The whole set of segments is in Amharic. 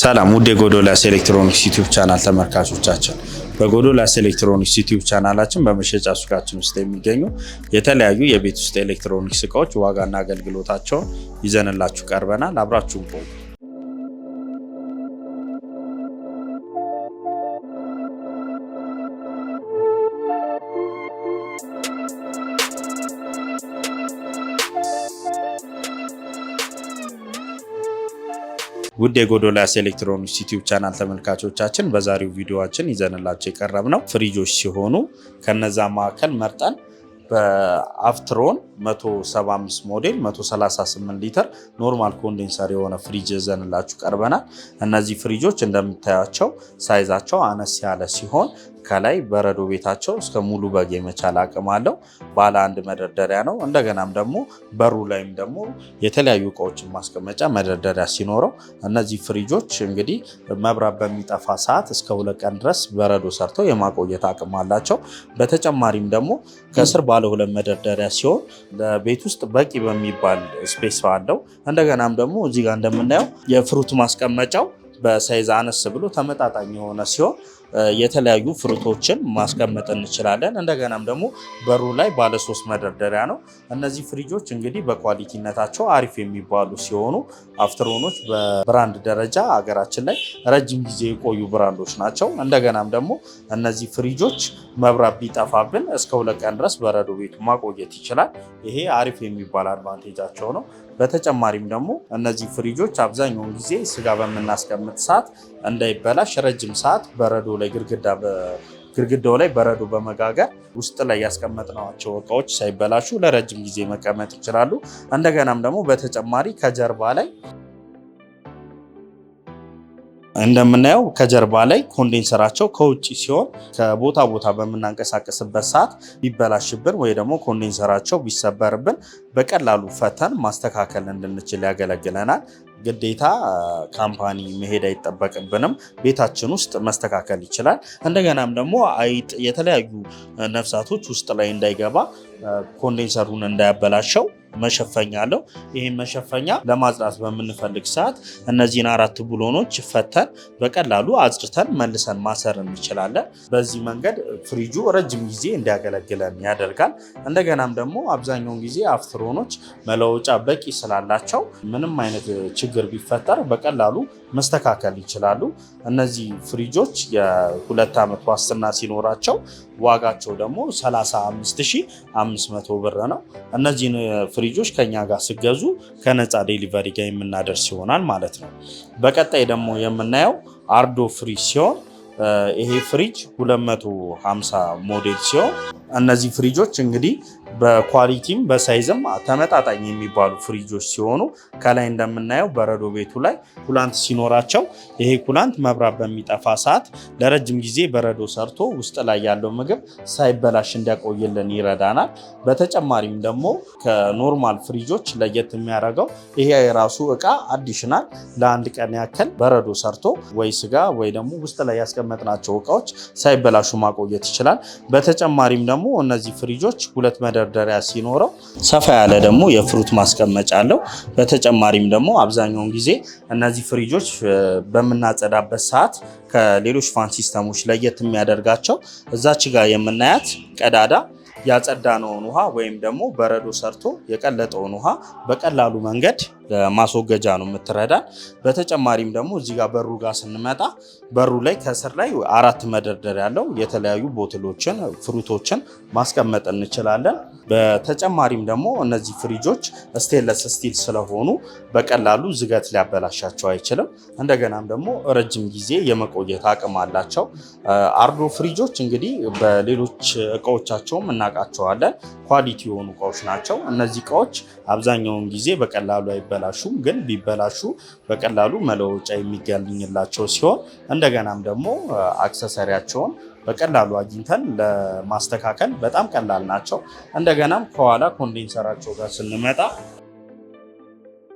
ሰላም ውድ የጎዶልያስ ኤሌክትሮኒክስ ዩቲዩብ ቻናል ተመልካቾቻችን፣ በጎዶልያስ ኤሌክትሮኒክስ ዩቲዩብ ቻናላችን በመሸጫ ሱቃችን ውስጥ የሚገኙ የተለያዩ የቤት ውስጥ ኤሌክትሮኒክስ እቃዎች ዋጋና አገልግሎታቸውን ይዘንላችሁ ቀርበናል። አብራችሁን ቆዩ። ውድ የጎዶልያስ ኤሌክትሮኒክስ ዩቲዩብ ቻናል ተመልካቾቻችን በዛሬው ቪዲዮችን ይዘንላቸው የቀረብ ነው ፍሪጆች ሲሆኑ ከነዛ መካከል መርጠን በአፍትሮን 175 ሞዴል 138 ሊትር ኖርማል ኮንዴንሰር የሆነ ፍሪጅ ይዘንላችሁ ቀርበናል። እነዚህ ፍሪጆች እንደምታያቸው ሳይዛቸው አነስ ያለ ሲሆን ከላይ በረዶ ቤታቸው እስከ ሙሉ በግ የመቻል አቅም አለው። ባለ አንድ መደርደሪያ ነው። እንደገናም ደግሞ በሩ ላይም ደግሞ የተለያዩ እቃዎችን ማስቀመጫ መደርደሪያ ሲኖረው እነዚህ ፍሪጆች እንግዲህ መብራት በሚጠፋ ሰዓት እስከ ሁለት ቀን ድረስ በረዶ ሰርተው የማቆየት አቅም አላቸው። በተጨማሪም ደግሞ ከስር ባለ ሁለት መደርደሪያ ሲሆን ለቤት ውስጥ በቂ በሚባል ስፔስ አለው። እንደገናም ደግሞ እዚህ ጋር እንደምናየው የፍሩት ማስቀመጫው በሳይዝ አነስ ብሎ ተመጣጣኝ የሆነ ሲሆን የተለያዩ ፍሩቶችን ማስቀመጥ እንችላለን። እንደገናም ደግሞ በሩ ላይ ባለሶስት መደርደሪያ ነው። እነዚህ ፍሪጆች እንግዲህ በኳሊቲነታቸው አሪፍ የሚባሉ ሲሆኑ አፍትሮኖች በብራንድ ደረጃ ሀገራችን ላይ ረጅም ጊዜ የቆዩ ብራንዶች ናቸው። እንደገናም ደግሞ እነዚህ ፍሪጆች መብራት ቢጠፋብን እስከ ሁለት ቀን ድረስ በረዶ ቤቱ ማቆየት ይችላል። ይሄ አሪፍ የሚባል አድቫንቴጃቸው ነው። በተጨማሪም ደግሞ እነዚህ ፍሪጆች አብዛኛውን ጊዜ ስጋ በምናስቀምጥ ሰዓት እንዳይበላሽ ረጅም ሰዓት በረዶ ላይ ግድግዳ ግድግዳው ላይ በረዶ በመጋገር ውስጥ ላይ ያስቀመጥናቸው እቃዎች ሳይበላሹ ለረጅም ጊዜ መቀመጥ ይችላሉ። እንደገናም ደግሞ በተጨማሪ ከጀርባ ላይ እንደምናየው ከጀርባ ላይ ኮንዴንሰራቸው ከውጭ ሲሆን ከቦታ ቦታ በምናንቀሳቀስበት ሰዓት ቢበላሽብን ወይ ደግሞ ኮንዴንሰራቸው ቢሰበርብን በቀላሉ ፈተን ማስተካከል እንድንችል ያገለግለናል። ግዴታ ካምፓኒ መሄድ አይጠበቅብንም። ቤታችን ውስጥ መስተካከል ይችላል። እንደገናም ደግሞ አይጥ፣ የተለያዩ ነፍሳቶች ውስጥ ላይ እንዳይገባ ኮንዴንሰሩን እንዳያበላሸው መሸፈኛ አለው። ይህም መሸፈኛ ለማጽዳት በምንፈልግ ሰዓት እነዚህን አራት ብሎኖች ፈተን በቀላሉ አጽድተን መልሰን ማሰር እንችላለን። በዚህ መንገድ ፍሪጁ ረጅም ጊዜ እንዲያገለግለን ያደርጋል። እንደገናም ደግሞ አብዛኛውን ጊዜ አፍትሮኖች መለወጫ በቂ ስላላቸው ምንም አይነት ችግር ቢፈጠር በቀላሉ መስተካከል ይችላሉ። እነዚህ ፍሪጆች የሁለት ዓመት ዋስትና ሲኖራቸው ዋጋቸው ደግሞ 35500 ብር ነው። እነዚህን ፍሪጆች ከኛ ጋር ስገዙ ከነፃ ዴሊቨሪ ጋር የምናደርስ ይሆናል ማለት ነው። በቀጣይ ደግሞ የምናየው አርዶ ፍሪጅ ሲሆን ይሄ ፍሪጅ 250 ሞዴል ሲሆን እነዚህ ፍሪጆች እንግዲህ በኳሊቲም በሳይዝም ተመጣጣኝ የሚባሉ ፍሪጆች ሲሆኑ ከላይ እንደምናየው በረዶ ቤቱ ላይ ኩላንት ሲኖራቸው ይሄ ኩላንት መብራት በሚጠፋ ሰዓት ለረጅም ጊዜ በረዶ ሰርቶ ውስጥ ላይ ያለው ምግብ ሳይበላሽ እንዲያቆይልን ይረዳናል። በተጨማሪም ደግሞ ከኖርማል ፍሪጆች ለየት የሚያደርገው ይሄ የራሱ እቃ አዲሽናል ለአንድ ቀን ያክል በረዶ ሰርቶ ወይ ስጋ ወይ ደግሞ ውስጥ ላይ ያስቀመጥናቸው እቃዎች ሳይበላሹ ማቆየት ይችላል። በተጨማሪም ደግሞ ደግሞ እነዚህ ፍሪጆች ሁለት መደርደሪያ ሲኖረው ሰፋ ያለ ደግሞ የፍሩት ማስቀመጫ አለው። በተጨማሪም ደግሞ አብዛኛውን ጊዜ እነዚህ ፍሪጆች በምናጸዳበት ሰዓት ከሌሎች ፋን ሲስተሞች ለየት የሚያደርጋቸው እዛች ጋር የምናያት ቀዳዳ ያጸዳነውን ውሃ ወይም ደግሞ በረዶ ሰርቶ የቀለጠውን ውሃ በቀላሉ መንገድ ማስወገጃ ነው የምትረዳን። በተጨማሪም ደግሞ እዚህ ጋር በሩ ጋር ስንመጣ በሩ ላይ ከስር ላይ አራት መደርደር ያለው የተለያዩ ቦትሎችን ፍሩቶችን ማስቀመጥ እንችላለን። በተጨማሪም ደግሞ እነዚህ ፍሪጆች ስቴንለስ ስቲል ስለሆኑ በቀላሉ ዝገት ሊያበላሻቸው አይችልም። እንደገናም ደግሞ ረጅም ጊዜ የመቆየት አቅም አላቸው። አርዶ ፍሪጆች እንግዲህ በሌሎች እቃዎቻቸውም እናውቃቸዋለን። ኳሊቲ የሆኑ እቃዎች ናቸው። እነዚህ እቃዎች አብዛኛውን ጊዜ በቀላሉ አይበላ አይበላሹም፣ ግን ቢበላሹ በቀላሉ መለወጫ የሚገኝላቸው ሲሆን እንደገናም ደግሞ አክሰሰሪያቸውን በቀላሉ አግኝተን ለማስተካከል በጣም ቀላል ናቸው። እንደገናም ከኋላ ኮንዴንሰራቸው ጋር ስንመጣ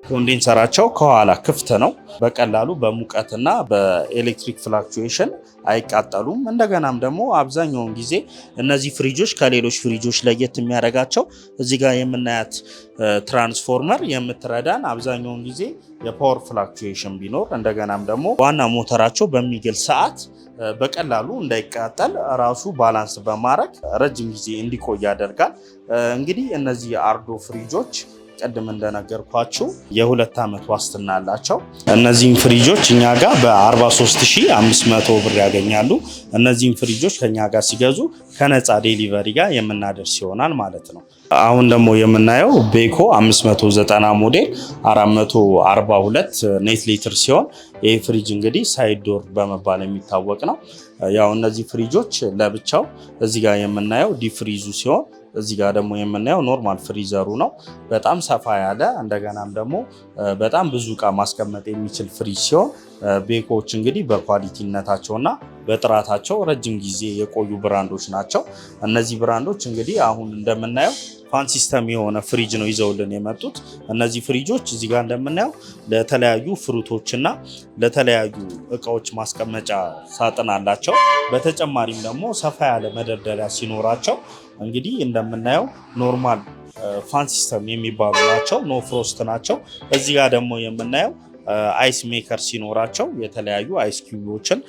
ኮንዴንሰራቸው ከኋላ ክፍት ነው። በቀላሉ በሙቀትና በኤሌክትሪክ ፍላክቹዌሽን አይቃጠሉም። እንደገናም ደግሞ አብዛኛውን ጊዜ እነዚህ ፍሪጆች ከሌሎች ፍሪጆች ለየት የሚያደርጋቸው እዚህ ጋር የምናያት ትራንስፎርመር የምትረዳን አብዛኛውን ጊዜ የፓወር ፍላክቹዌሽን ቢኖር እንደገናም ደግሞ ዋና ሞተራቸው በሚግል ሰዓት በቀላሉ እንዳይቃጠል ራሱ ባላንስ በማድረግ ረጅም ጊዜ እንዲቆይ ያደርጋል። እንግዲህ እነዚህ የአርዶ ፍሪጆች ቅድም እንደነገርኳችሁ የሁለት ዓመት ዋስትና አላቸው። እነዚህም ፍሪጆች እኛ ጋር በ43500 ብር ያገኛሉ። እነዚህም ፍሪጆች ከኛ ጋር ሲገዙ ከነፃ ዴሊቨሪ ጋር የምናደርስ ይሆናል ማለት ነው። አሁን ደግሞ የምናየው ቤኮ 590 ሞዴል 442 ኔት ሊትር ሲሆን ይህ ፍሪጅ እንግዲህ ሳይዶር በመባል የሚታወቅ ነው። ያው እነዚህ ፍሪጆች ለብቻው እዚህ ጋር የምናየው ዲፍሪዙ ሲሆን እዚህ ጋር ደግሞ የምናየው ኖርማል ፍሪዘሩ ነው። በጣም ሰፋ ያለ እንደገናም ደግሞ በጣም ብዙ እቃ ማስቀመጥ የሚችል ፍሪጅ ሲሆን ቤኮዎች እንግዲህ እና በጥራታቸው ረጅም ጊዜ የቆዩ ብራንዶች ናቸው። እነዚህ ብራንዶች እንግዲህ አሁን እንደምናየው ፋን ሲስተም የሆነ ፍሪጅ ነው ይዘውልን የመጡት። እነዚህ ፍሪጆች እዚህ ጋር እንደምናየው ለተለያዩ ፍሩቶችና ለተለያዩ እቃዎች ማስቀመጫ ሳጥን አላቸው። በተጨማሪም ደግሞ ሰፋ ያለ መደርደሪያ ሲኖራቸው እንግዲህ እንደምናየው ኖርማል ፋን ሲስተም የሚባሉ ናቸው። ኖ ፍሮስት ናቸው። እዚህ ጋር ደግሞ የምናየው አይስ uh, ሜከር ሲኖራቸው የተለያዩ አይስ ኪዩቦችን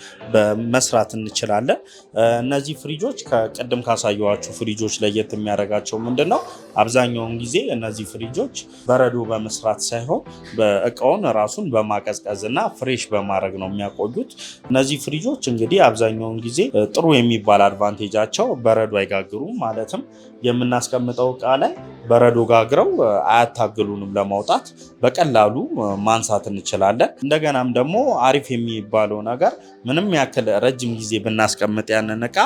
መስራት እንችላለን። uh, እነዚህ ፍሪጆች ከቅድም ካሳየኋችሁ ፍሪጆች ለየት የሚያደርጋቸው ምንድን ነው? አብዛኛውን ጊዜ እነዚህ ፍሪጆች በረዶ በመስራት ሳይሆን እቃውን ራሱን በማቀዝቀዝ እና ፍሬሽ በማድረግ ነው የሚያቆዩት። እነዚህ ፍሪጆች እንግዲህ አብዛኛውን ጊዜ ጥሩ የሚባል አድቫንቴጃቸው በረዶ አይጋግሩም። ማለትም የምናስቀምጠው እቃ ላይ በረዶ ጋግረው አያታግሉንም። ለማውጣት በቀላሉ ማንሳት እንችላለን። እንደገናም ደግሞ አሪፍ የሚባለው ነገር ምንም ያክል ረጅም ጊዜ ብናስቀምጥ ያንን እቃ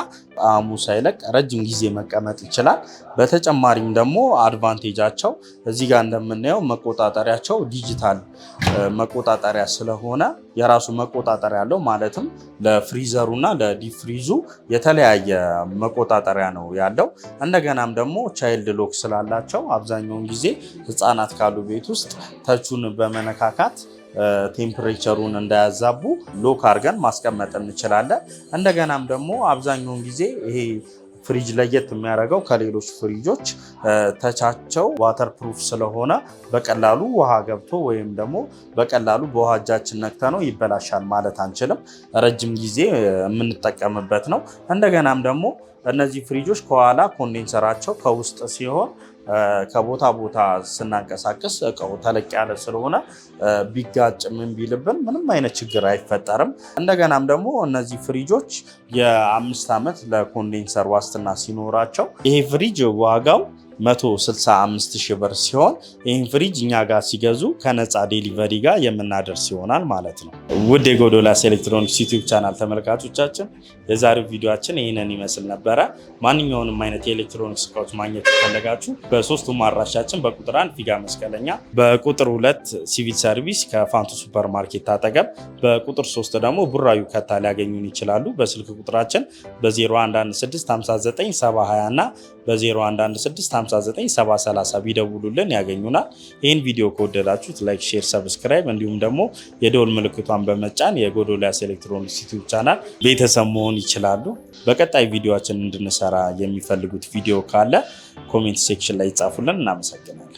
ጣዕሙ ሳይለቅ ረጅም ጊዜ መቀመጥ ይችላል። በተጨማሪም ደግሞ አድቫንቴጃቸው እዚህ ጋር እንደምናየው መቆጣጠሪያቸው ዲጂታል መቆጣጠሪያ ስለሆነ የራሱ መቆጣጠሪያ አለው። ማለትም ለፍሪዘሩ እና ለዲፍሪዙ የተለያየ መቆጣጠሪያ ነው ያለው። እንደገናም ደግሞ ቻይልድ ሎክ ስላላቸው አብዛኛውን ጊዜ ህፃናት ካሉ ቤት ውስጥ ተቹን በመነካካት ቴምፕሬቸሩን እንዳያዛቡ ሎክ አድርገን ማስቀመጥ እንችላለን። እንደገናም ደግሞ አብዛኛውን ጊዜ ይሄ ፍሪጅ ለየት የሚያደርገው ከሌሎች ፍሪጆች ተቻቸው ዋተር ፕሩፍ ስለሆነ በቀላሉ ውሃ ገብቶ ወይም ደግሞ በቀላሉ በውሃ እጃችን ነክተ ነው ይበላሻል ማለት አንችልም። ረጅም ጊዜ የምንጠቀምበት ነው። እንደገናም ደግሞ እነዚህ ፍሪጆች ከኋላ ኮንዴንሰራቸው ከውስጥ ሲሆን ከቦታ ቦታ ስናንቀሳቀስ እቃው ተለቅ ያለ ስለሆነ ቢጋጭ ምን ቢልብን ምንም አይነት ችግር አይፈጠርም። እንደገናም ደግሞ እነዚህ ፍሪጆች የአምስት ዓመት ለኮንዴንሰር ዋስትና ሲኖራቸው ይሄ ፍሪጅ ዋጋው 165 ሺህ ብር ሲሆን ይህን ፍሪጅ እኛ ጋር ሲገዙ ከነፃ ዴሊቨሪ ጋር የምናደርስ ይሆናል ማለት ነው። ውድ የጎዶላስ ኤሌክትሮኒክስ ዩቲዩብ ቻናል ተመልካቾቻችን የዛሬው ቪዲዮችን ይህንን ይመስል ነበረ። ማንኛውንም አይነት የኤሌክትሮኒክስ እቃዎች ማግኘት ከፈለጋችሁ በሶስቱ ማራሻችን በቁጥር አንድ ፊጋ መስቀለኛ፣ በቁጥር ሁለት ሲቪል ሰርቪስ ከፋንቱ ሱፐር ማርኬት አጠገብ፣ በቁጥር ሶስት ደግሞ ቡራዩ ከታ ሊያገኙን ይችላሉ። በስልክ ቁጥራችን በ0116597020 እና በ0116597030 ቢደውሉልን ያገኙናል። ይህን ቪዲዮ ከወደዳችሁት ላይክ፣ ሼር፣ ሰብስክራይብ እንዲሁም ደግሞ የደወል ምልክቷን በመጫን የጎዶልያስ ኤሌክትሮኒክስ ዩቲዩብ ቻናል ቤተሰብ መሆን ይችላሉ። በቀጣይ ቪዲዮችን እንድንሰራ የሚፈልጉት ቪዲዮ ካለ ኮሜንት ሴክሽን ላይ ይጻፉልን። እናመሰግናለን።